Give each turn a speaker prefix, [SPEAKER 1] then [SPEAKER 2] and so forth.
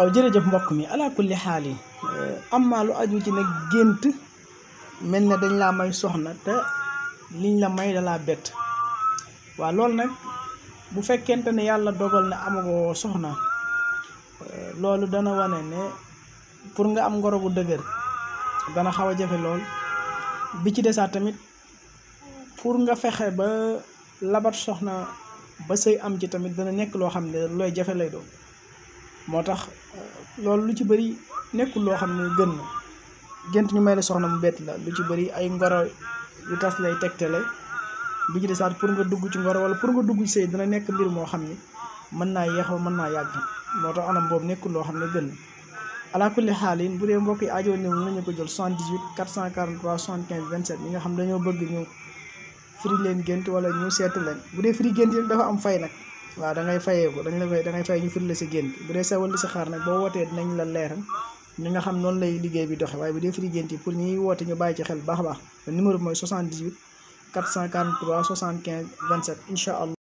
[SPEAKER 1] waaw jërëjëf mbokk mi ala kulli xaal yi eh, am lu aju ci nag gént mel na dañ laa may soxna te liñ la may dalaa bett waaw loolu nag bu fekkente ne yàlla dogal ne amagoo soxna eh, loolu dana wane ne pour nga am ngoro bu dëgër dana xaw a jafe lool bi ci desaa tamit pour nga fexe ba labat soxna ba sëy am ci tamit dana nekk loo xam ne looy jafe lay doon moo tax loolu lu ci bëri nekkul loo xam ne gën na gént ñu may la soxna mu bett la lu ci bëri ay ngoro yu tas lay tegtale bi ci desaat pour nga dugg ci ngoro wala pour nga dugg ci sëy dina nekk mbir moo xam ni mën naa yeexoo mën naa yàgg moo tax anam boobu nekkul loo xam ne gën na ala kulli xaalin bu dee mbokk yi aajo néew nañu ko jël 78 443 75 27 ñi nga xam dañoo bëgg ñu firi leen gént wala ñu seetu leen bu dee firi gént yi dafa am fay nag waaw da ngay fayeeku dañ la fay da ngay fay ñu firi la sa gént bu dee sawal istixaar nag boo wootee dinañ la leeral ñi nga xam noonu lay liggéey bi doxe waaye bu dee firi gént yi pour ñuy woote ñu bàyyi ci xel baax a baax numéro bi mooy 78 443 75 27 incha allah